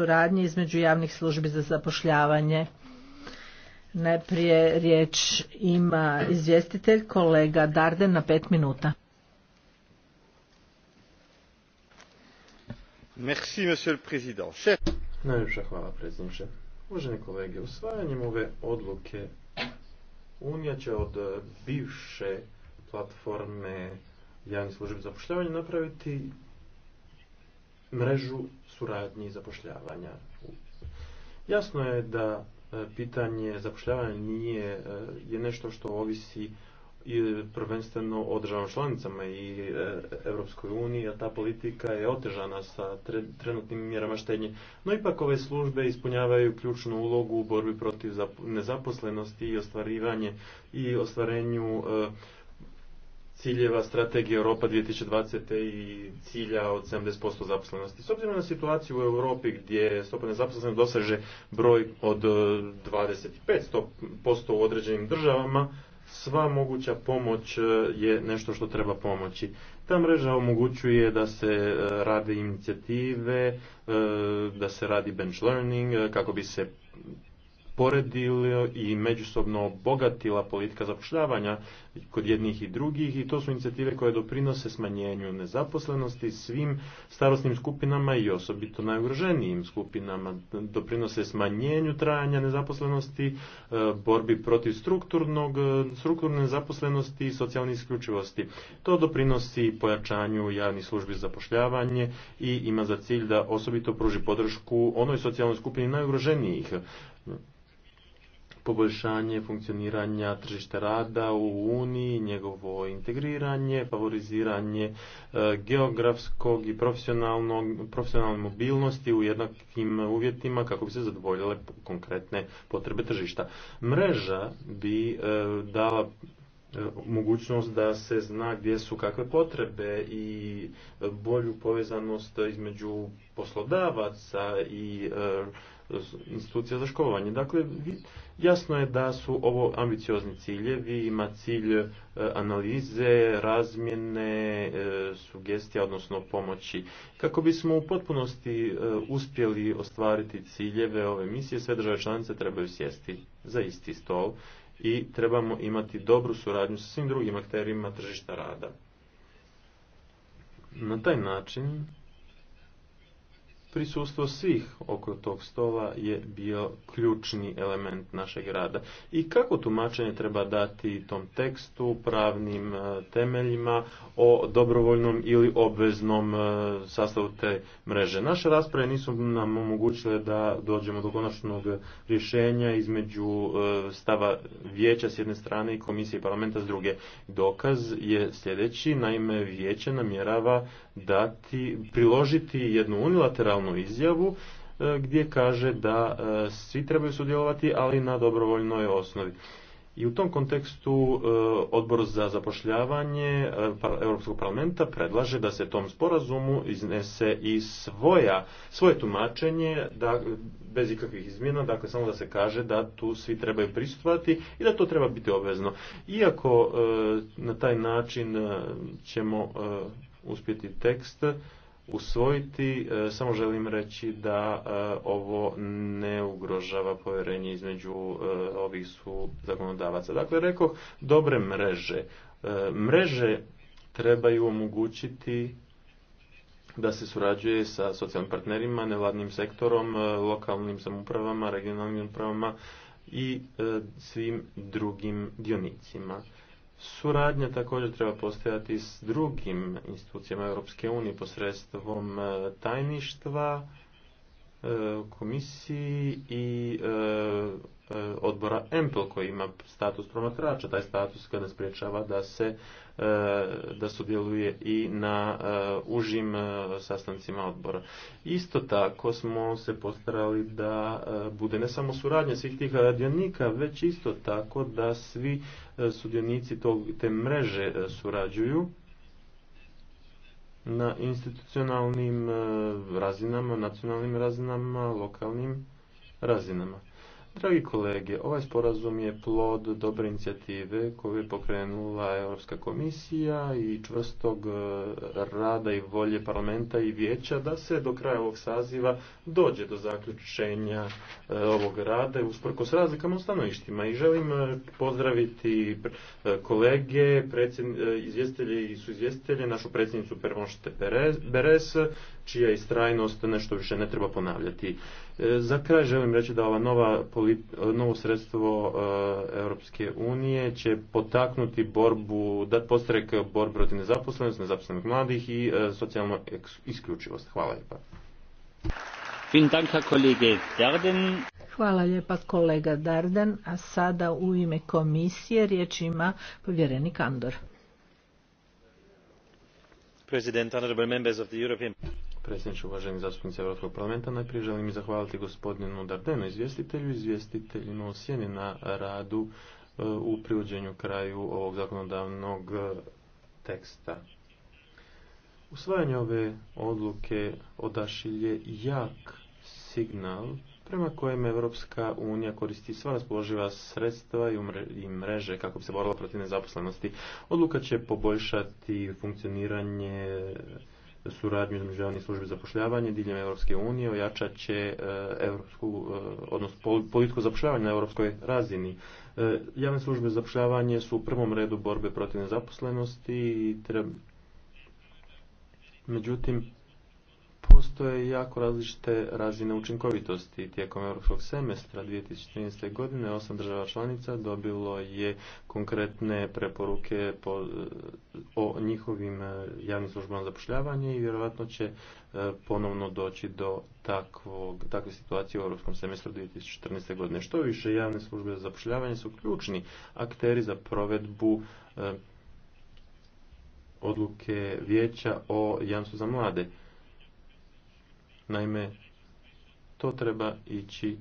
suradnje između javnih službi za zapošljavanje. Najprije riječ ima izvjestitelj kolega Darden na pet minuta. Merci, monsieur le président. hvala, predsjedniče. Uvaženi kolege, usvajanjem ove odluke Unija će od e, bivše platforme javnih službi zapošljavanja napraviti mrežu suradnje i zapošljavanja. Jasno je da e, pitanje zapošljavanja nije, e, je nešto što ovisi i prvenstveno o državnom članicama i e, Europskoj uniji, a ta politika je otežana sa trenutnim mjerama štenje. No ipak ove službe ispunjavaju ključnu ulogu u borbi protiv nezaposlenosti i ostvarivanje i ostvarenju ciljeva strategije Europa 2020. i cilja od 70% zaposlenosti. S obzirom na situaciju u Europi gdje stopa nezaposlenosti doseže broj od 25% e, u određenim državama, sva moguća pomoć e, je nešto što treba pomoći. Ta mreža omogućuje da se e, rade inicijative, da se radi bench learning, kako bi se poredila i međusobno obogatila politika zapošljavanja kod jednih i drugih i to su inicijative koje doprinose smanjenju nezaposlenosti svim starosnim skupinama i osobito najugroženijim skupinama. Doprinose smanjenju trajanja nezaposlenosti, e, borbi protiv strukturnog, strukturne nezaposlenosti i socijalne isključivosti. To doprinosi pojačanju javnih službi za zapošljavanje i ima za cilj da osobito pruži podršku onoj socijalnoj skupini najugroženijih poboljšanje funkcioniranja tržišta rada u Uniji, njegovo integriranje, favoriziranje e, geografskog i profesionalne mobilnosti u jednakim uvjetima kako bi se zadovoljile konkretne potrebe tržišta. Mreža bi e, dala e, mogućnost da se zna gdje su kakve potrebe i bolju povezanost između poslodavaca i institucija za školovanje. Dakle, jasno je da su ovo ambiciozni ciljevi, ima cilj e, analize, razmjene, e, sugestija, odnosno pomoći. Kako bismo u potpunosti e, uspjeli ostvariti ciljeve ove misije, sve države članice trebaju sjesti za isti stol i trebamo imati dobru suradnju sa svim drugim akterima tržišta rada. Na taj način prisustvo svih oko tog stola je bio ključni element našeg rada. I kako tumačenje treba dati tom tekstu, pravnim e, temeljima o dobrovoljnom ili obveznom e, sastavu te mreže. Naše rasprave nisu nam omogućile da dođemo do konačnog rješenja između e, stava vijeća s jedne strane i komisije i parlamenta s druge. Dokaz je sljedeći, naime vijeće namjerava dati, priložiti jednu unilateralnu izjavu e, gdje kaže da e, svi trebaju sudjelovati, ali na dobrovoljnoj osnovi. I u tom kontekstu e, odbor za zapošljavanje pa, Europskog parlamenta predlaže da se tom sporazumu iznese i svoja, svoje tumačenje da, bez ikakvih izmjena, dakle samo da se kaže da tu svi trebaju pristupati i da to treba biti obvezno. Iako na taj način ćemo uspjeti tekst usvojiti. E, samo želim reći da e, ovo ne ugrožava povjerenje između e, ovih su zakonodavaca. Dakle, rekao, dobre mreže. Mreže trebaju omogućiti da se surađuje sa socijalnim partnerima, nevladnim sektorom, lokalnim samoupravama, regionalnim upravama i svim drugim dionicima. Suradnja također treba postojati s drugim institucijama Europske unije posredstvom e, tajništva, e, komisiji i e, odbora EMPL koji ima status promatrača. Taj status ga ne da se E, da sudjeluje i na e, užim e, sastancima odbora. Isto tako smo se postarali da bude ne samo suradnja svih tih radionika, već isto tako da svi sudionici te mreže surađuju na institucionalnim razinama, nacionalnim razinama, lokalnim razinama. Dragi kolege, ovaj sporazum je plod dobre inicijative koju je pokrenula Europska komisija i čvrstog e, rada i volje parlamenta i vijeća da se do kraja ovog saziva dođe do zaključenja e, ovog rada usprkos razlikama u stanovištima. I želim e, pozdraviti kolege, izvjestitelje i suizvjestitelje, našu predsjednicu Pervonšte Beres čija istrajnost nešto više ne treba ponavljati. E, za kraj želim reći da ova nova novo sredstvo e, Europske unije će potaknuti borbu, dati postrek borbu protiv nezaposlenosti, nezaposlenih mladih i e, socijalnu isključivost. Hvala lijepa. Hvala lijepa kolega Darden, a sada u ime komisije riječ ima povjerenik Andor. President, honorable members of the European predsjedniče uvaženi zastupnici Europskog parlamenta. Najprije želim zahvaliti gospodinu Dardenu izvjestitelju, izvjestiteljima o sjeni na radu e, u privođenju kraju ovog zakonodavnog e, teksta. Usvajanje ove odluke odašilje jak signal prema kojem Evropska unija koristi sva raspoloživa sredstva i mreže kako bi se borila protiv nezaposlenosti. Odluka će poboljšati funkcioniranje suradnju između javnih službi zapošljavanja diljem Europske unije ojačat će e, europsku, e, odnosno politiku zapošljavanja na europskoj razini. E, javne službe zapošljavanje su u prvom redu borbe protiv nezaposlenosti i treba... Međutim, postoje jako različite razine učinkovitosti. Tijekom europskog semestra 2013. godine osam država članica dobilo je konkretne preporuke eh, o njihovim eh, javnim službama zapošljavanje i vjerojatno će eh, ponovno doći do takvog, takve situacije u europskom semestru 2014. godine. Što više javne službe za zapošljavanje su ključni akteri za provedbu odluke vijeća o jamstvu za mlade Naime, to treba ići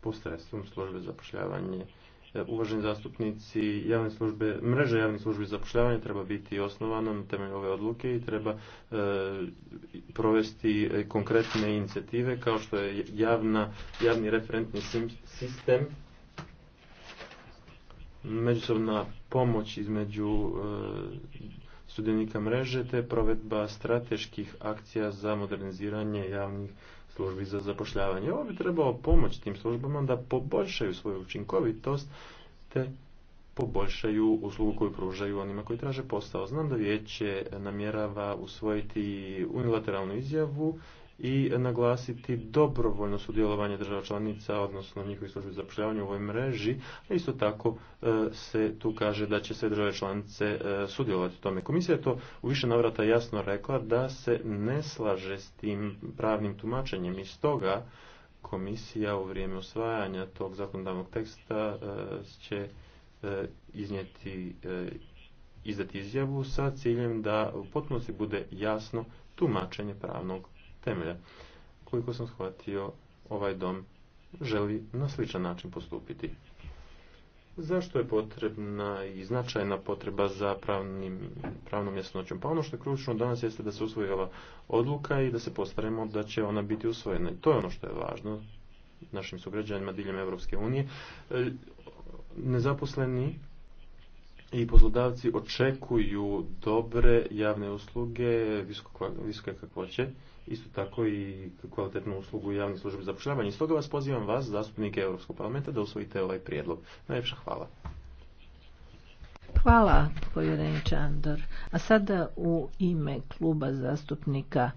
posredstvom službe zapošljavanje. E, uvaženi zastupnici, javne službe, mreža javnih službi zapošljavanja treba biti osnovana na temelju ove odluke i treba e, provesti konkretne inicijative kao što je javni referentni sistem, međusobna pomoć između e, sudionika mreže te provedba strateških akcija za moderniziranje javnih službi za zapošljavanje. Ovo bi trebalo pomoći tim službama da poboljšaju svoju učinkovitost te poboljšaju uslugu koju pružaju onima koji traže posao. Znam da vijeće namjerava usvojiti unilateralnu izjavu i naglasiti dobrovoljno sudjelovanje država članica, odnosno njihovih službi za u ovoj mreži, a isto tako e, se tu kaže da će sve države članice e, sudjelovati u tome. Komisija je to u više navrata jasno rekla da se ne slaže s tim pravnim tumačenjem i stoga komisija u vrijeme usvajanja tog zakonodavnog teksta e, će iznijeti izdati izjavu sa ciljem da u potpunosti bude jasno tumačenje pravnog temelja. Koliko sam shvatio, ovaj dom želi na sličan način postupiti. Zašto je potrebna i značajna potreba za pravnim, pravnom jasnoćom? Pa ono što je ključno danas jeste da se usvoji ova odluka i da se postaremo da će ona biti usvojena. I to je ono što je važno našim sugrađanima diljem Europske unije. E, nezaposleni i poslodavci očekuju dobre javne usluge visoke kakvoće isto tako i kvalitetnu uslugu javnih službi zapošljavanja. I stoga vas pozivam vas, zastupnike Europskog parlamenta, da usvojite ovaj prijedlog. Najljepša hvala. Hvala, povjereniče Andor. A sada u ime kluba zastupnika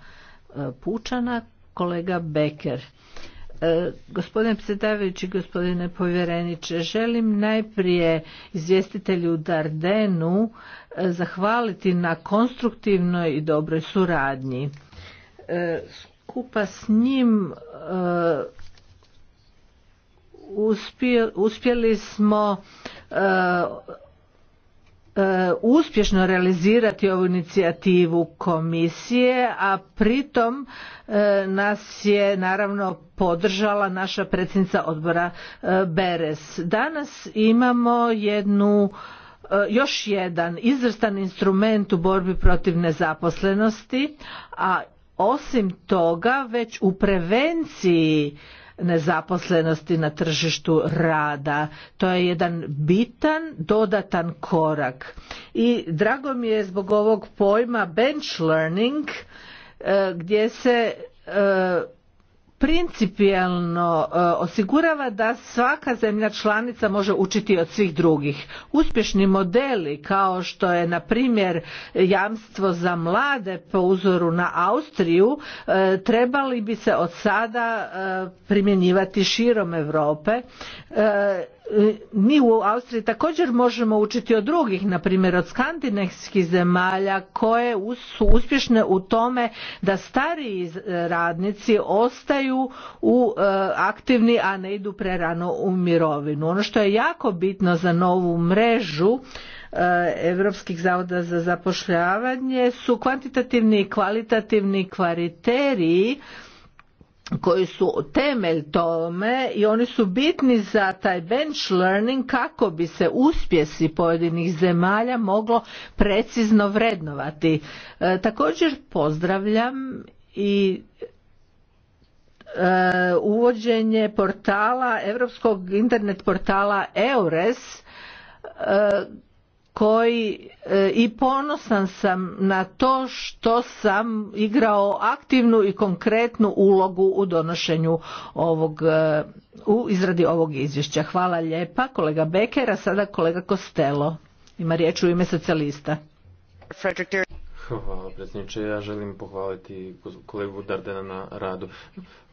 e, Pučana, kolega Beker. E, gospodine predsjedavajući, gospodine povjereniče, želim najprije izvjestitelju Dardenu e, zahvaliti na konstruktivnoj i dobroj suradnji. E, skupa s njim e, uspjeli smo e, uspješno realizirati ovu inicijativu komisije, a pritom nas je naravno podržala naša predsjednica odbora Beres. Danas imamo jednu još jedan izvrstan instrument u borbi protiv nezaposlenosti, a osim toga već u prevenciji nezaposlenosti na tržištu rada. To je jedan bitan dodatan korak. I drago mi je zbog ovog pojma bench learning e, gdje se e, principijelno e, osigurava da svaka zemlja članica može učiti od svih drugih. Uspješni modeli kao što je na primjer jamstvo za mlade po uzoru na Austriju e, trebali bi se od sada e, primjenjivati širom Europe mi u Austriji također možemo učiti od drugih, na primjer od skandinavskih zemalja koje su uspješne u tome da stariji radnici ostaju u e, aktivni, a ne idu prerano u mirovinu. Ono što je jako bitno za novu mrežu Europskih zavoda za zapošljavanje su kvantitativni i kvalitativni kriteriji koji su temelj tome i oni su bitni za taj bench learning kako bi se uspjesi pojedinih zemalja moglo precizno vrednovati. E, također pozdravljam i e, uvođenje portala, europskog internet portala EURES e, koji e, i ponosan sam na to što sam igrao aktivnu i konkretnu ulogu u donošenju ovog e, u izradi ovog izvješća. Hvala lijepa kolega Becker, a sada kolega Kostelo. Ima riječ u ime socijalista. Hvala predsjedniče, ja želim pohvaliti kolegu Dardena na radu.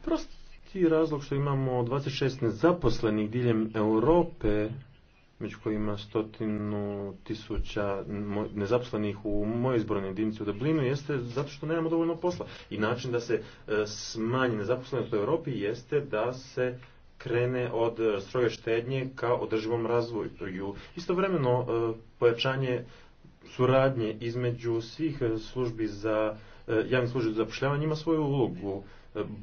Prosti razlog što imamo 26 nezaposlenih diljem Europe među kojima stotinu tisuća nezaposlenih u mojoj izbornoj jedinici u Dublinu jeste zato što nemamo dovoljno posla. I način da se e, smanji nezaposlenost u Europi jeste da se krene od e, stroje štednje ka održivom razvoju. Istovremeno e, pojačanje suradnje između svih službi za javnih službi za zapošljavanje ima svoju ulogu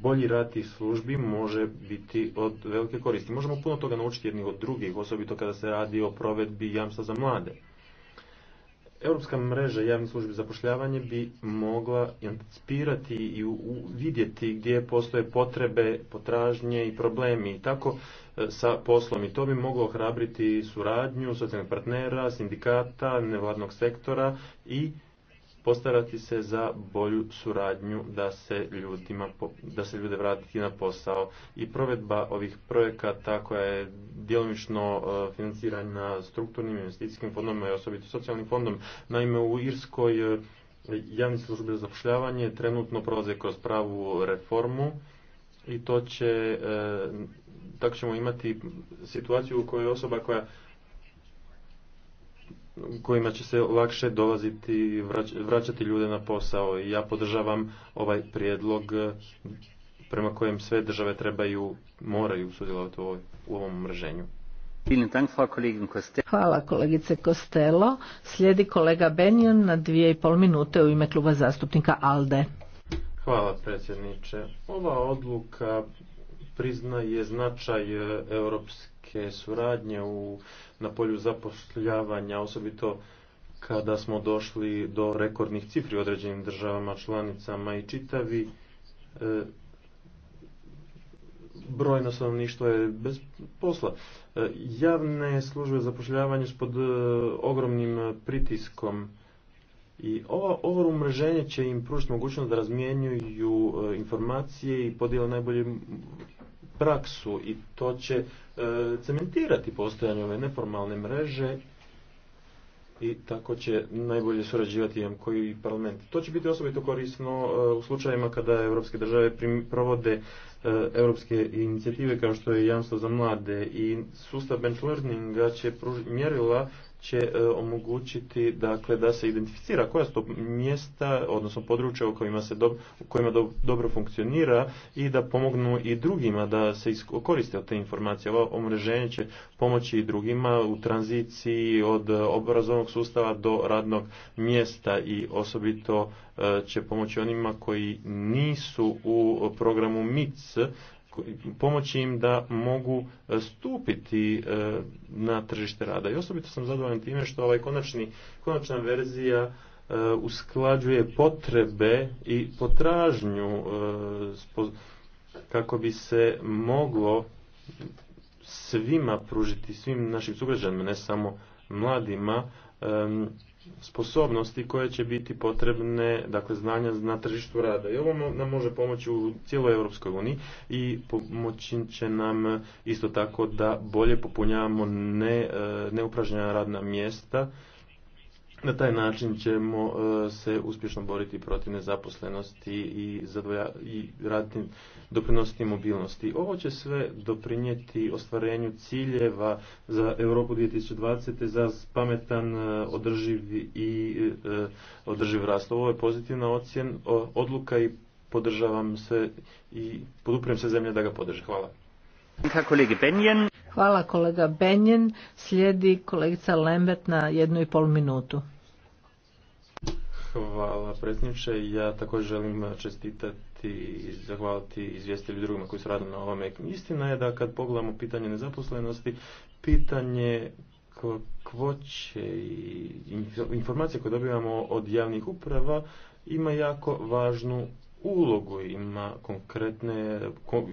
bolji rad tih službi može biti od velike koristi. Možemo puno toga naučiti jednih od drugih, osobito kada se radi o provedbi jamstva za mlade. Europska mreža javnih službi zapošljavanje bi mogla anticipirati i vidjeti gdje postoje potrebe, potražnje i problemi i tako e, sa poslom. I to bi moglo ohrabriti suradnju socijalnih partnera, sindikata, nevladnog sektora i postarati se za bolju suradnju da se, ljudima, da se ljude vratiti na posao i provedba ovih projekata koja je djelomično e, financirana strukturnim investicijskim fondom i osobito socijalnim fondom. Naime, u Irskoj e, javni službe za zapošljavanje trenutno prolaze kroz pravu reformu i to će, e, tako ćemo imati situaciju u kojoj osoba koja kojima će se lakše dolaziti, vraćati ljude na posao. I ja podržavam ovaj prijedlog eh, prema kojem sve države trebaju, moraju sudjelovati u ovom mrženju. Hvala kolegice Kostelo. Slijedi kolega Benjon na dvije i pol minute u ime kluba zastupnika ALDE. Hvala predsjedniče. Ova odluka priznaje značaj eh, europske suradnje u na polju zapošljavanja, osobito kada smo došli do rekordnih cifri u određenim državama, članicama i čitavi e, brojno je bez posla. E, javne službe zapošljavanja su pod e, ogromnim pritiskom i ovo, ovo umreženje će im pružiti mogućnost da razmjenjuju e, informacije i podijele najbolje praksu i to će e, cementirati postojanje ove neformalne mreže i tako će najbolje surađivati koji koji parlament. To će biti osobito korisno e, u slučajima kada europske države provode europske inicijative kao što je jamstvo za mlade i sustav benchlearninga će mjerila će e, omogućiti dakle da se identificira koja su to mjesta odnosno područja u kojima se kojima dobro funkcionira i da pomognu i drugima da se koriste od te informacije. Ovo omreženje će pomoći i drugima u tranziciji od e, obrazovnog sustava do radnog mjesta i osobito e, će pomoći onima koji nisu u programu MIC pomoći im da mogu e, stupiti e, na tržište rada. I osobito sam zadovoljan time što ovaj konačni, konačna verzija e, usklađuje potrebe i potražnju kako bi se moglo svima pružiti, svim našim sugrađanima, ne samo mladima, sposobnosti koje će biti potrebne, dakle znanja na tržištu rada. I ovo nam može pomoći u cijeloj Europskoj uniji i pomoći će nam isto tako da bolje popunjavamo ne, e, neupražnjena radna mjesta na taj način ćemo e, se uspješno boriti protiv nezaposlenosti i, zadvoja, i raditi, doprinositi mobilnosti. Ovo će sve doprinijeti ostvarenju ciljeva za Europu 2020. za pametan, e, održiv i e, održiv rast. Ovo je pozitivna ocjen, odluka i podržavam se i poduprem se zemlje da ga podrže. Hvala. Hvala kolega Benjen. Slijedi kolegica Lembert na jednu i pol minutu. Hvala predsjedniče. Ja također želim čestitati i zahvaliti izvjestitelju drugima koji su radili na ovome. Istina je da kad pogledamo pitanje nezaposlenosti, pitanje kvoće i informacije koje dobivamo od javnih uprava ima jako važnu ulogu, ima konkretne,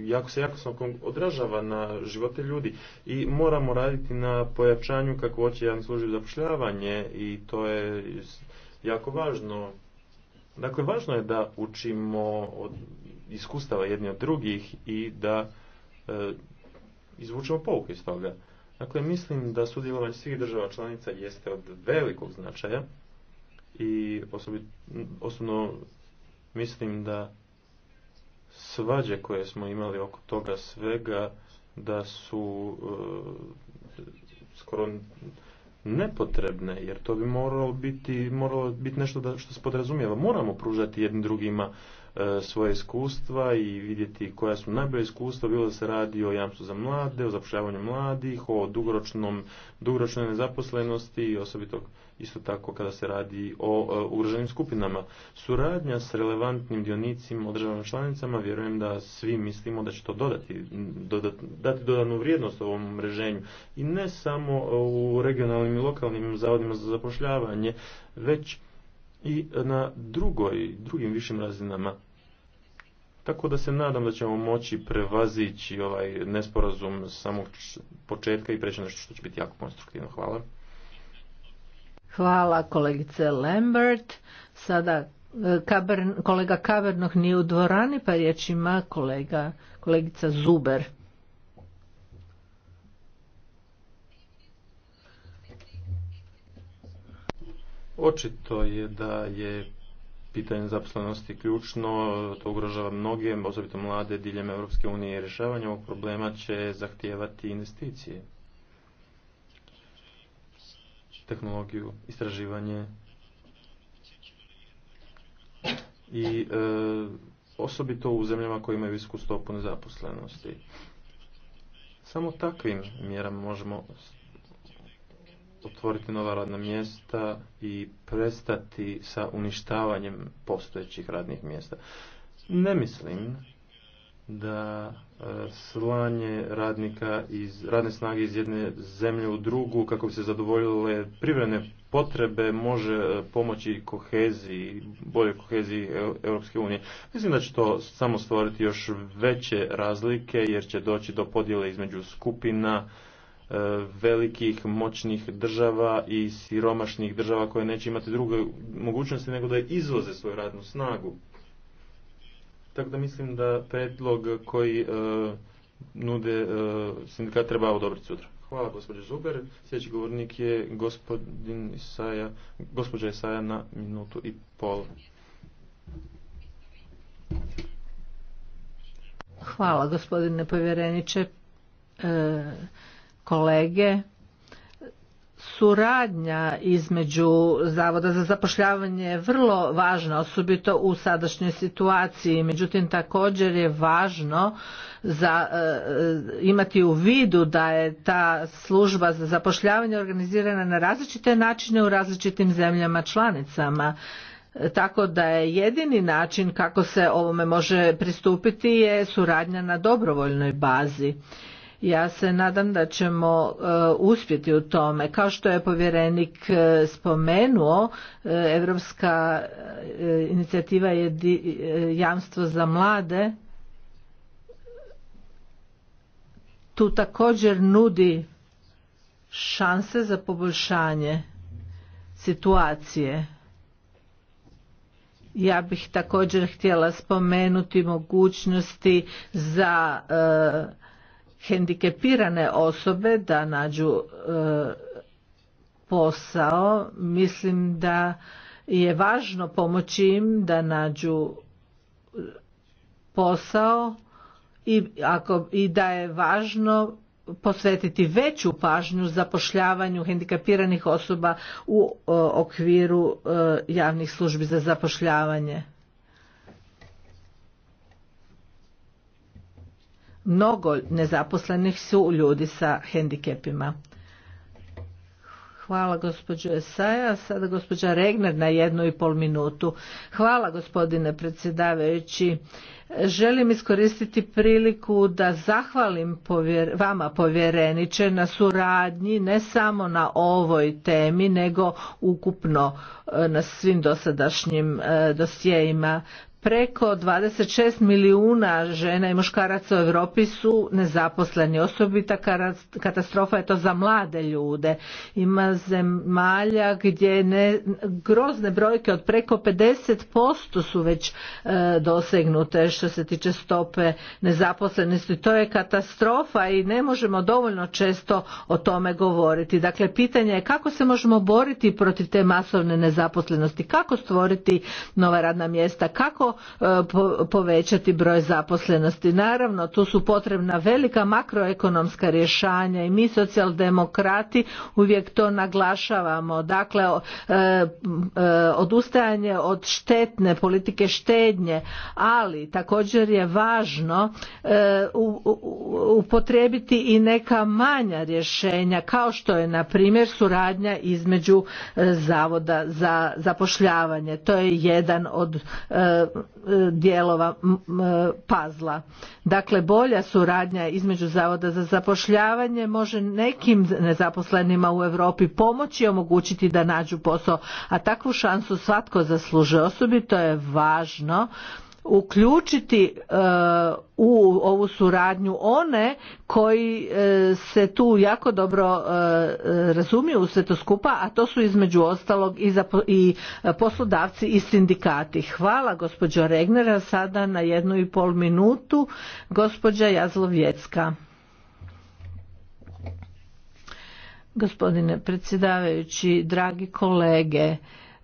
jako se jako odražava na živote ljudi i moramo raditi na pojačanju kako hoće služi službi zapošljavanje i to je jako važno. Dakle, važno je da učimo od iskustava jedni od drugih i da e, izvučemo pouke iz toga. Dakle, mislim da sudjelovanje svih država članica jeste od velikog značaja i osobno Mislim da svađe koje smo imali oko toga svega da su e, skoro nepotrebne, jer to bi moralo biti, moralo biti nešto da, što se podrazumijeva. Moramo pružati jednim drugima E, svoje iskustva i vidjeti koja su najbolja iskustva, bilo da se radi o jamstvu za mlade, o zapošljavanju mladih, o dugoročnom, dugoročnoj nezaposlenosti i osobito isto tako kada se radi o e, ugroženim skupinama. Suradnja s relevantnim dionicima, državama članicama, vjerujem da svi mislimo da će to dodati, dati dodanu vrijednost ovom mreženju. I ne samo u regionalnim i lokalnim zavodima za zapošljavanje, već i na drugoj, drugim višim razinama. Tako da se nadam da ćemo moći prevazići ovaj nesporazum samog početka i preći nešto što će biti jako konstruktivno. Hvala. Hvala kolegice Lambert. Sada e, kolega Kavernog nije u dvorani, pa riječ ima kolega, kolegica Zuber. Očito je da je pitanje zaposlenosti ključno, to ugrožava mnoge, osobito mlade diljem Europske unije. Rješavanje ovog problema će zahtijevati investicije, tehnologiju, istraživanje i e, osobito u zemljama koje imaju visku stopu nezaposlenosti. Samo takvim mjerama možemo otvoriti nova radna mjesta i prestati sa uništavanjem postojećih radnih mjesta. Ne mislim da e, slanje radnika iz radne snage iz jedne zemlje u drugu kako bi se zadovoljile privredne potrebe može e, pomoći koheziji, bolje koheziji e, Europske unije. Mislim da će to samo stvoriti još veće razlike jer će doći do podjele između skupina E, velikih, moćnih država i siromašnih država koje neće imati druge mogućnosti nego da izvoze svoju radnu snagu. Tako da mislim da predlog koji e, nude e, sindikat treba odobriti sutra. Hvala gospođo Zuber. Sljedeći govornik je gospodin Isaja, gospođa Isaja na minutu i pol. Hvala gospodine povjereniče. E, kolege suradnja između zavoda za zapošljavanje je vrlo važna osobito u sadašnjoj situaciji međutim također je važno za e, e, imati u vidu da je ta služba za zapošljavanje organizirana na različite načine u različitim zemljama članicama e, tako da je jedini način kako se ovome može pristupiti je suradnja na dobrovoljnoj bazi ja se nadam da ćemo e, uspjeti u tome. Kao što je povjerenik e, spomenuo, Europska e, inicijativa je jamstvo za mlade. Tu također nudi šanse za poboljšanje situacije. Ja bih također htjela spomenuti mogućnosti za hendikepirane osobe da nađu e, posao mislim da je važno pomoći im da nađu e, posao i, ako, i da je važno posvetiti veću pažnju zapošljavanju hendikapiranih osoba u e, okviru javnih službi za zapošljavanje. mnogo nezaposlenih su ljudi sa hendikepima. Hvala gospođo Esaja. Sada gospođa Regner na jednu i pol minutu. Hvala gospodine predsjedavajući. Želim iskoristiti priliku da zahvalim vama povjereniče na suradnji ne samo na ovoj temi nego ukupno e, na svim dosadašnjim e, dosjejima. Preko 26 milijuna žena i muškaraca u Europi su nezaposleni. Osobita katastrofa je to za mlade ljude. Ima zemalja gdje ne, grozne brojke od preko 50% su već e, dosegnute što se tiče stope nezaposlenosti. To je katastrofa i ne možemo dovoljno često o tome govoriti. Dakle, pitanje je kako se možemo boriti protiv te masovne nezaposlenosti, kako stvoriti nova radna mjesta, kako E, povećati broj zaposlenosti. Naravno, tu su potrebna velika makroekonomska rješanja i mi socijaldemokrati uvijek to naglašavamo. Dakle, e, e, odustajanje od štetne politike štednje, ali također je važno upotrijebiti i neka manja rješenja kao što je na primjer suradnja između zavoda za zapošljavanje. To je jedan od E, dijelova e, pazla. Dakle, bolja suradnja između Zavoda za zapošljavanje može nekim nezaposlenima u Europi pomoći i omogućiti da nađu posao, a takvu šansu svatko zaslužuje. Osobito je važno uključiti e, u ovu suradnju one koji e, se tu jako dobro e, razumiju u sve to skupa, a to su između ostalog i poslodavci i sindikati. Hvala gospođo Regnera, sada na jednu i pol minutu gospođa Jazlovjecka. Gospodine predsjedavajući, dragi kolege,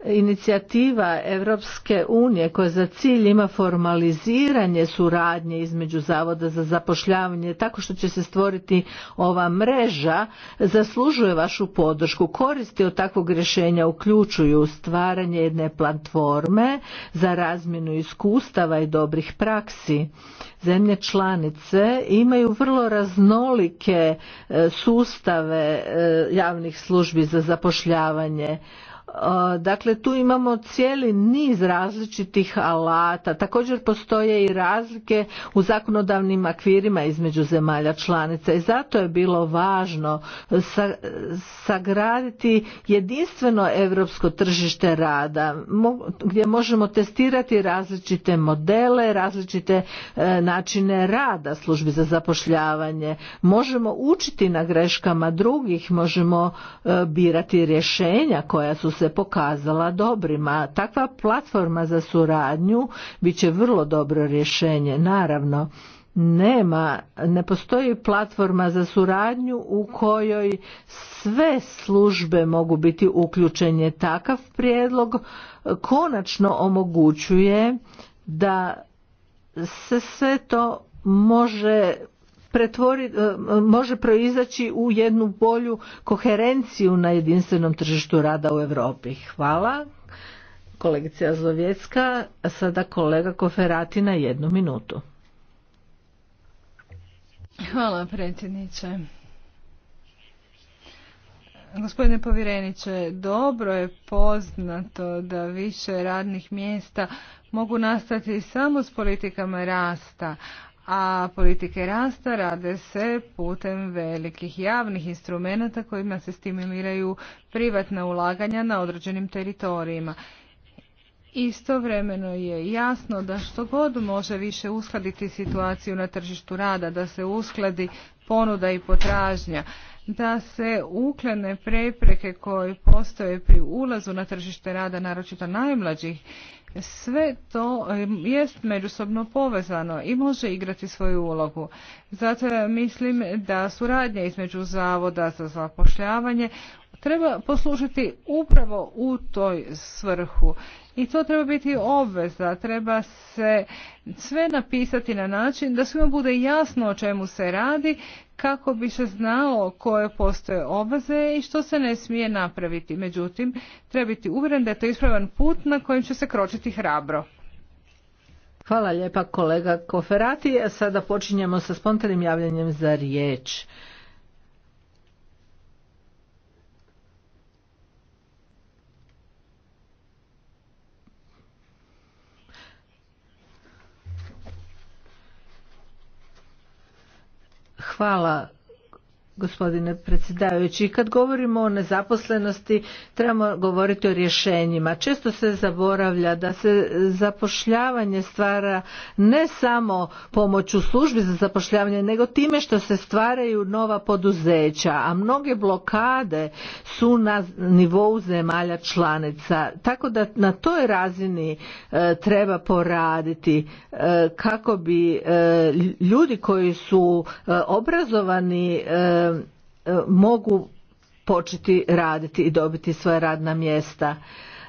inicijativa Europske unije koja za cilj ima formaliziranje suradnje između Zavoda za zapošljavanje tako što će se stvoriti ova mreža zaslužuje vašu podršku. Koristi od takvog rješenja uključuju stvaranje jedne platforme za razmjenu iskustava i dobrih praksi. Zemlje članice imaju vrlo raznolike e, sustave e, javnih službi za zapošljavanje Eh, dakle, tu imamo cijeli niz različitih alata. Također postoje i razlike u zakonodavnim akvirima između zemalja članica i zato je bilo važno sagraditi jedinstveno europsko tržište rada gdje možemo testirati različite modele, različite eh, načine rada službi za zapošljavanje. Možemo učiti na greškama drugih, možemo eh, birati rješenja koja su se pokazala dobrima. Takva platforma za suradnju bit će vrlo dobro rješenje, naravno. Nema, ne postoji platforma za suradnju u kojoj sve službe mogu biti uključenje. Takav prijedlog konačno omogućuje da se sve to može pretvori, e, može proizaći u jednu bolju koherenciju na jedinstvenom tržištu rada u Europi. Hvala. Kolegice Azovjetska, sada kolega Koferati na jednu minutu. Hvala predsjedniče. Gospodine povjereniče, dobro je poznato da više radnih mjesta mogu nastati samo s politikama rasta, a politike rasta rade se putem velikih javnih instrumenata kojima se stimuliraju privatna ulaganja na određenim teritorijima. Istovremeno je jasno da što god može više uskladiti situaciju na tržištu rada, da se uskladi ponuda i potražnja, da se uklene prepreke koje postoje pri ulazu na tržište rada, naročito najmlađih, sve to jest međusobno povezano i može igrati svoju ulogu. Zato mislim da suradnja između Zavoda za zapošljavanje treba poslužiti upravo u toj svrhu. I to treba biti obveza, treba se sve napisati na način da svima bude jasno o čemu se radi kako bi se znalo koje postoje obveze i što se ne smije napraviti. Međutim, treba biti uvjeren da je to ispravan put na kojem će se kročiti hrabro. Hvala lijepa kolega Koferati. Sada počinjemo sa spontanim javljanjem za riječ. Hvala gospodine predsjedavajući kad govorimo o nezaposlenosti trebamo govoriti o rješenjima često se zaboravlja da se zapošljavanje stvara ne samo pomoću službi za zapošljavanje nego time što se stvaraju nova poduzeća a mnoge blokade su na nivou zemalja članica tako da na toj razini e, treba poraditi e, kako bi e, ljudi koji su obrazovani E, mogu početi raditi i dobiti svoja radna mjesta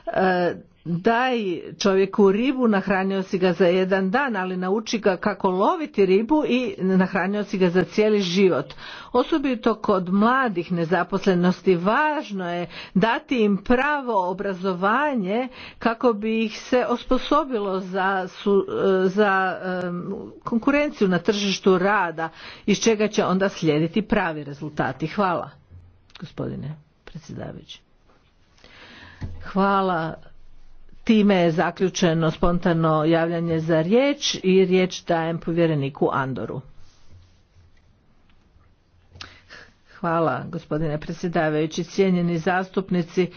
e, daj čovjeku ribu, nahranio si ga za jedan dan, ali nauči ga kako loviti ribu i nahranio si ga za cijeli život. Osobito kod mladih nezaposlenosti važno je dati im pravo obrazovanje kako bi ih se osposobilo za, eh, za konkurenciju na tržištu rada iz čega će onda slijediti pravi rezultati. Hvala gospodine predsjedavajući. Hvala Time je zaključeno spontano javljanje za riječ i riječ dajem povjereniku Andoru. Hvala gospodine predsjedavajući, cijenjeni zastupnici.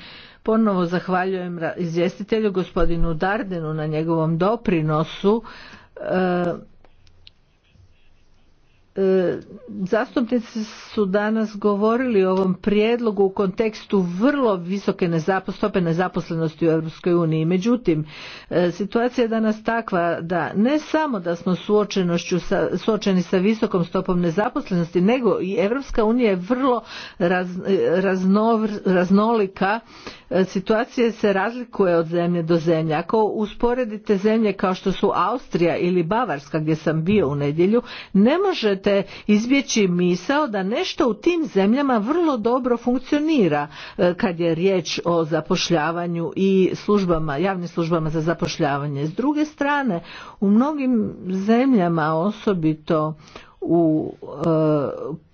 Ponovo zahvaljujem izvjestitelju gospodinu Dardenu na njegovom doprinosu. E, zastupnici su danas govorili o ovom prijedlogu u kontekstu vrlo visoke stope nezaposlenosti u Europskoj uniji. Međutim, e, situacija je danas takva da ne samo da smo sa, suočeni sa visokom stopom nezaposlenosti, nego i Europska unija je vrlo raznolika. E, situacija se razlikuje od zemlje do zemlje. Ako usporedite zemlje kao što su Austrija ili Bavarska gdje sam bio u nedjelju, ne možete možete izbjeći misao da nešto u tim zemljama vrlo dobro funkcionira e, kad je riječ o zapošljavanju i službama, javnim službama za zapošljavanje. S druge strane, u mnogim zemljama, osobito u,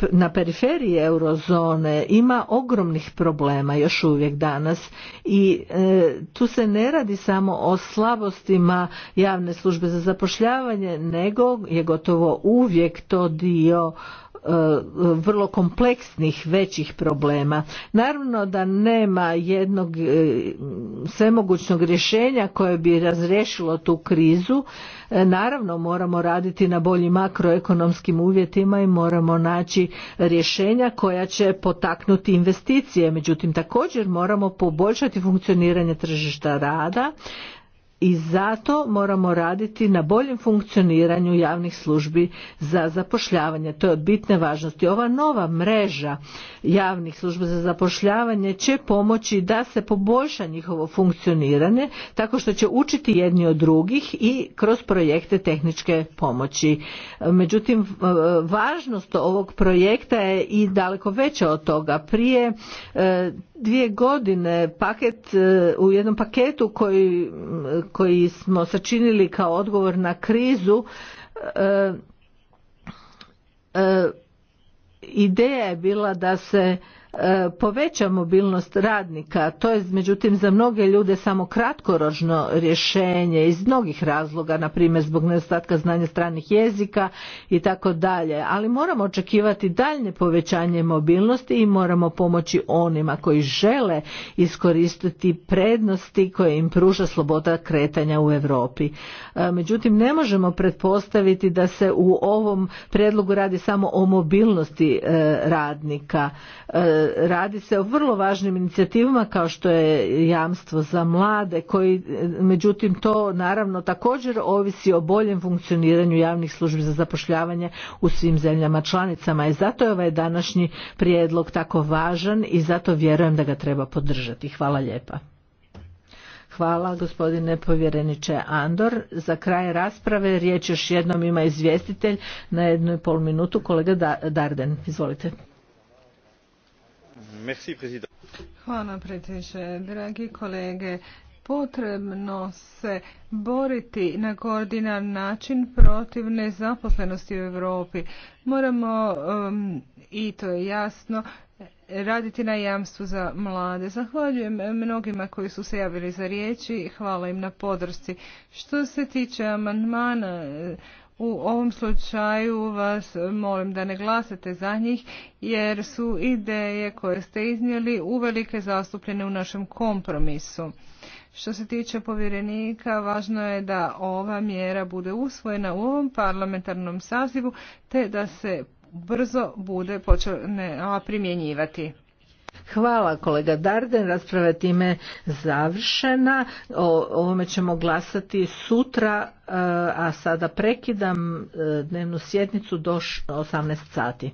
e, na periferiji eurozone ima ogromnih problema još uvijek danas i e, tu se ne radi samo o slabostima javne službe za zapošljavanje nego je gotovo uvijek to dio Eh, vrlo kompleksnih većih problema. Naravno da nema jednog eh, svemogućnog rješenja koje bi razriješilo tu krizu. Eh, naravno moramo raditi na boljim makroekonomskim uvjetima i moramo naći rješenja koja će potaknuti investicije. Međutim, također moramo poboljšati funkcioniranje tržišta rada, i zato moramo raditi na boljem funkcioniranju javnih službi za zapošljavanje. To je od bitne važnosti. Ova nova mreža javnih službi za zapošljavanje će pomoći da se poboljša njihovo funkcioniranje tako što će učiti jedni od drugih i kroz projekte tehničke pomoći. Međutim, e, važnost ovog projekta je i daleko veća od toga. Prije e, dvije godine paket, e, u jednom paketu koji, mm, koji smo sačinili kao odgovor na krizu e, e, ideja je bila da se E, poveća mobilnost radnika. To je međutim za mnoge ljude samo kratkoročno rješenje iz mnogih razloga, na primjer zbog nedostatka znanja stranih jezika i tako dalje. Ali moramo očekivati daljnje povećanje mobilnosti i moramo pomoći onima koji žele iskoristiti prednosti koje im pruža sloboda kretanja u Europi. E, međutim, ne možemo pretpostaviti da se u ovom predlogu radi samo o mobilnosti e, radnika radi se o vrlo važnim inicijativama kao što je jamstvo za mlade koji međutim to naravno također ovisi o boljem funkcioniranju javnih službi za zapošljavanje u svim zemljama članicama i zato je ovaj današnji prijedlog tako važan i zato vjerujem da ga treba podržati. Hvala lijepa. Hvala gospodine povjereniče Andor. Za kraj rasprave riječ još jednom ima izvjestitelj na jednu i pol minutu kolega Darden. Izvolite. Hvala predsjedniče. Dragi kolege, potrebno se boriti na koordiniran način protiv nezaposlenosti u Europi. Moramo, um, i to je jasno, raditi na jamstvu za mlade. Zahvaljujem mnogima koji su se javili za riječi i hvala im na podršci. Što se tiče amandmana, u ovom slučaju vas molim da ne glasate za njih jer su ideje koje ste iznijeli uvelike zastupljene u našem kompromisu. Što se tiče povjerenika, važno je da ova mjera bude usvojena u ovom parlamentarnom sazivu te da se brzo bude počela primjenjivati. Hvala kolega Darden, rasprava je time završena. O ovome ćemo glasati sutra, e, a sada prekidam e, dnevnu sjednicu do 18 sati.